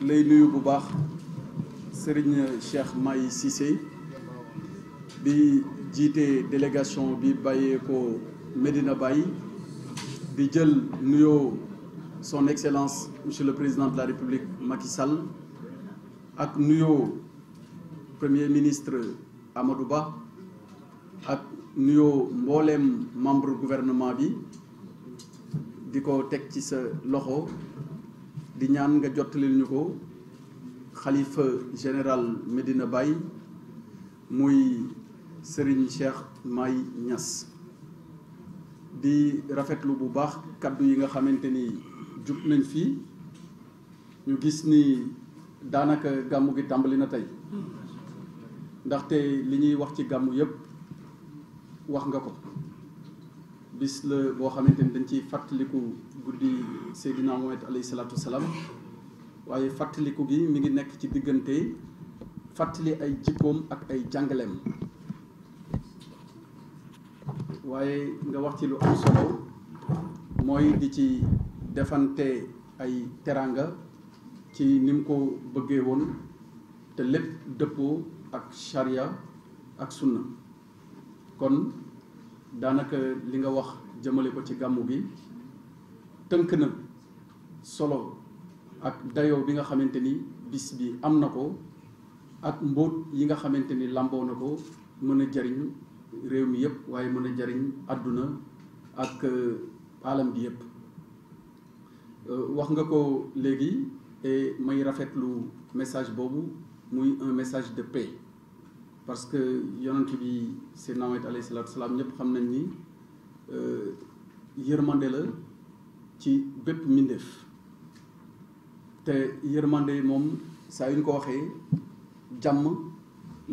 lay nuyu bu baax Serigne Cheikh May Cissé bi jiite délégation bi bàyyee ko Medina bàyyi di jël nuyoo son excellence monsieur le président de la république Macky Sall ak nuyoo premier ministre Amadou Ba ak nuyoo mbooleem membre gouvernement bi di ko teg ci sa loxo di ñaan nga jottalil ñu ko xalifa général Medina Baye muy Serigne Cheikh May ñas di rafetlu bu baax kàddu yi nga xamante ni jub nañ fii ñu gis ni daanaka gàmmu gi tàmbali na tey ndaxte li ñuy wax ci gàmmu yépp wax nga ko bis la boo xamante ni dañ ciy fàttaliku guddi Seydina Muhammad alayhi wasalaam waaye fàttaliku gi mi ngi nekk ci diggante fàttali ay jikkoom ak ay jàngaleem waaye nga wax ci lu am solo mooy di ci defante ay teraanga ci ni mu ko bëggee woon te lépp dëppoo ak charia ak sunna kon daanaka li nga wax jëmale ko ci gàmmu bi tënk na solo ak dayoo bi nga xamante ni bis bi am na ko ak mbóot yi nga xamante ni làmboo na ko mën a jariñ réew mi yëpp waaye mën a jariñ àdduna ak euh, alam bi yëpp euh, wax nga ko léegi et may rafetlu message boobu muy un message de paix parce que yonent bi Seydina Muhammad alayhi salaatu salaam ñëpp xam nañ ni euh, yërmande la ci bépp mbindeef te yërmande moom saa yu ñu ko waxee jàmm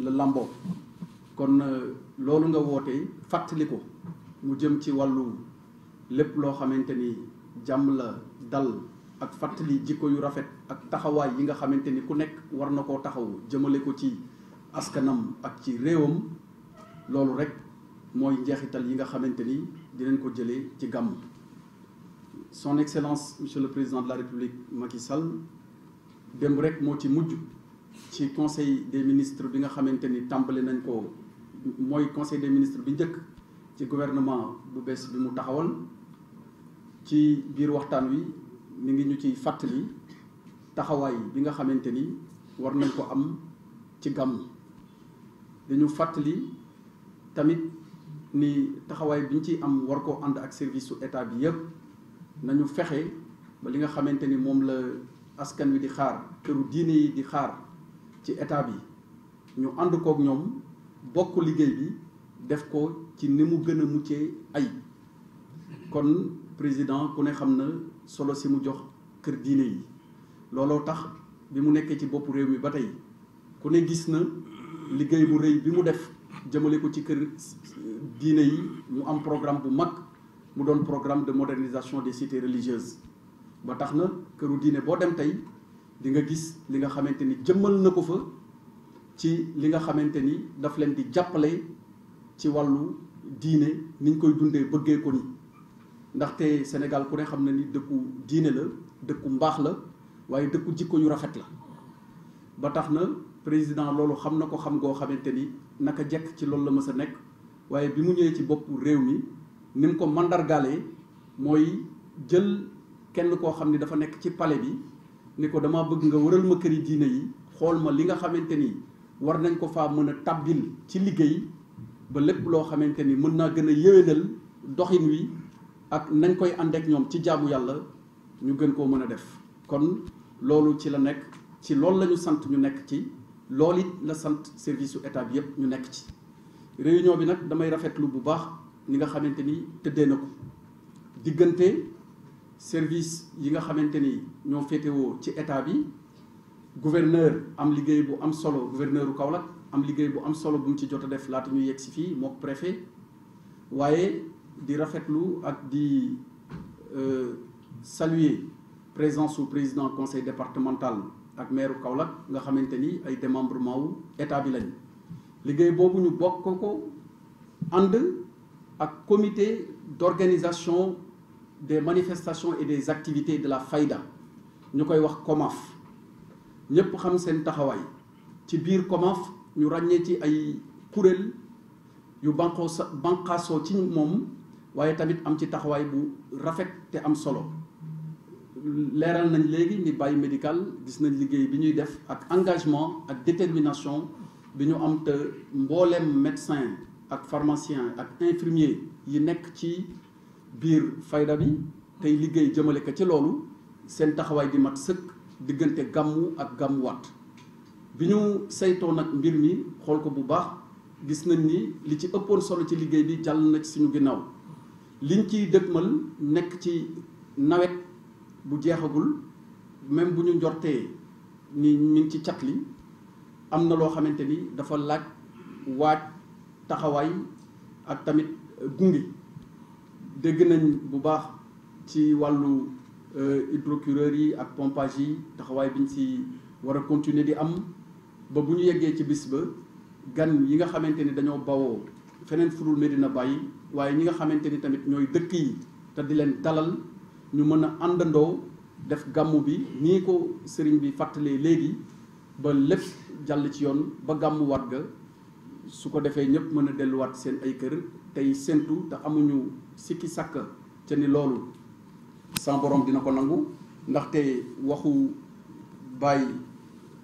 la lamboo kon euh, loolu nga wootee fàttali ko mu jëm ci wàllu lépp loo xamante ni jàmm la dal ak fàttali jikko yu rafet ak taxawaay yi nga xamante ni ku nekk war na koo taxaw jëmale ko ci askanam ak ci réewam loolu rek mooy njeexital yi nga xamante ni dinañ ko jëlee ci gàmm son excellence monsieur le président de la république Macky Sall démb rek moo ci mujj ci conseil des ministres bi nga xamante ni tàmbali nañ ko mooy conseil des ministres bi njëkk ci gouvernement bu bees bi mu taxawal ci biir waxtaan wi mi ngi ñu ciy fàttali taxawaay bi nga xamante ni war nañ ko am ci gàmm dañu fàttali tamit ni taxawaay bi ñu ci am war koo ànd ak service u état bi yëpp nañu fexe ba li nga xamante ni moom la askan wi di xaar këru diine yi di xaar ci état bi ñu ànd kook ñoom bokk liggéey bi def ko ci ni mu gën a muccee ay kon président ku ne xam na solo si mu jox kër diine yi looloo tax bi mu nekkee ci boppu réew mi ba tey ku ne gis na liggéey bu rëy bi mu def jëmale ko ci kër diine yi mu am programme bu mag mu doon programme de modernisation des cités religieuses ba tax na këru diine boo dem tey di nga gis li nga xamante ni jëmmal na ko fa ci li nga xamante ni daf leen di jàppale ci wàllu diine niñ koy dundee bëggee ko ni ndaxte Sénégal ku ne xam ne ni dëkku diine la dëkku mbaax la waaye dëkku jikko yu rafet la ba tax na président loolu xam na ko xam goo xamante ni naka jekk ci loolu la mës a nekk waaye bi mu ñëwee ci bopp réew mi ni mu ko mandargaalee mooy jël kenn koo xam ni dafa nekk ci pale bi ni ko dama bëgg nga wëral ma këri diine yi xool ma li nga xamante ni war nañ ko fa mën a tàbbil ci liggéey ba lépp loo xamante ni mën naa gën a yéwénal doxin wi ak nañ koy àndeek ñoom ci jaamu yàlla ñu gën koo mën a def kon loolu ci la nekk ci loolu la sant ñu nekk ci loolu it la sant service su état bi yëpp ñu nekk ci réunion bi nag damay rafetlu bu baax ñi nga xamante ni tëddee na ko diggante service yi nga xamante ni ñoo féetewoo ci état bi gouverneur am liggéey bu am solo gouverneur u Kaolack am liggéey bu am solo bu mu ci jot a def laata ñu yegg si fii mook préfet waaye di rafetlu ak di euh, saluer présence su président conseil départemental ak maire Kaolack nga xamante ni ay démembrement wu état bi lañu liggéey boobu ñu bokk ko ànd ak comité d'organisation des manifestation et des activités de la Fayda ñu koy wax commence ñépp xam seen taxawaay ci biir commence ñu ràññee ci ay kuréel yu banqoo sa banqaasoo ci moom waaye tamit am ci taxawaay bu rafet te am solo leeral nañ léegi ni Baye Médical gis nañ liggéey bi ñuy def ak engagement ak détermination bi ñu am te mbooleem médecin ak pharmacien ak infirmier yi nekk ci biir fayda bi tey liggéey jëmale ko ci loolu seen taxawaay di mat sëkk diggante gàmmu ak gàmmuwaat bi ñu saytoo nag mbir mi xool ko bu baax gis nañ ni li ci ëppoon solo ci liggéey bi jàll na suñu ginnaaw liñ ciy dëgmal nekk ci nawet bu jeexagul même bu ñu njortee ni ñu ci cat li am na loo xamante ni dafa laaj waaj taxawaay ak tamit gungi dégg nañ bu baax ci wàllu euh, hydrocureur yi ak pompage yi taxawaay bi ñu si war a continuer di am ba bu ñu yeggee ci bis ba gan yi nga xamante ni dañoo bawoo feneen fudul Medina bàyyi waaye ñi nga xamante ni tamit ñooy dëkk yi te di leen dalal ñu mën a àndandoo def gàmmu bi nii ko sëriñ bi fàttalee léegi ba lépp jàll ci yoon ba gàmmu waat ga su ko defee ñëpp mën a delluwaat seen ay kër tey séentu te amuñu sikki sàkk ca ni loolu sans boroom dina ko nangu ndaxte waxu Baye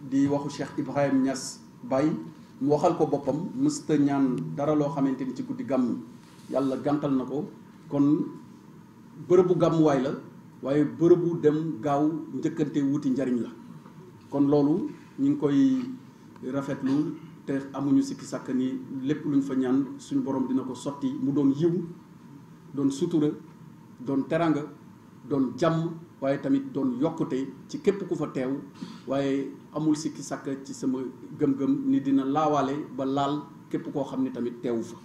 di waxu Cheikh Ibrahim ñas Baye mu waxal ko boppam mësta ñaan dara loo xamante ni ci guddi gàmm yàlla gàntal na ko kon bërëb bu gàmmuwaay la waaye bërëbu dem gaaw njëkkante wuti njariñ la kon loolu ñu ngi koy rafetlu te amuñu sikki sàkk ni lépp luñ fa ñaan suñu borom dina ko sotti mu doon yiw doon sutura doon teranga doon jàmm waaye tamit doon yokkute ci képp ku fa teew waaye amul sikki sàkk ci sama gëm-gëm ni dina laawaale ba laal képp koo xam ni tamit teewu fa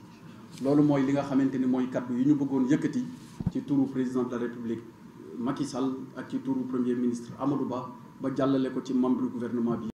loolu mooy li nga xamante ni mooy kàddu yi ñu bëggoon yëkkati ci turu président de la république Macky ak ci turu premier ministre Amadou Ba ba jàllale ko ci membre gouvernement bi